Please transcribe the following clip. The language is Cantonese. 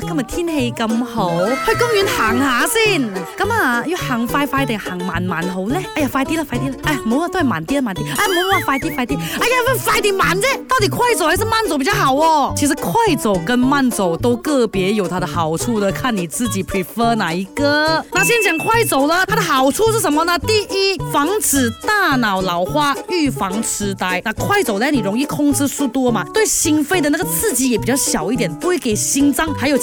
今日天氣咁好，去公園行下先。咁啊，要行快快定行慢慢好呢？哎呀，快啲啦，快啲啦！哎，唔好啊，都係慢啲啊，慢啲。哎，唔好啊，快啲，快啲。哎呀，喂，快啲慢啫，到底快走還是慢走比較好哦？其實快走跟慢走都個別有它的好處的，看你自己 prefer 哪一個。那先講快走了，它的好處是什麼呢？第一，防止大腦老化，預防痴呆。那快走呢，你容易控制速度嘛，對心肺的那個刺激也比較小一點，不會給心臟還有。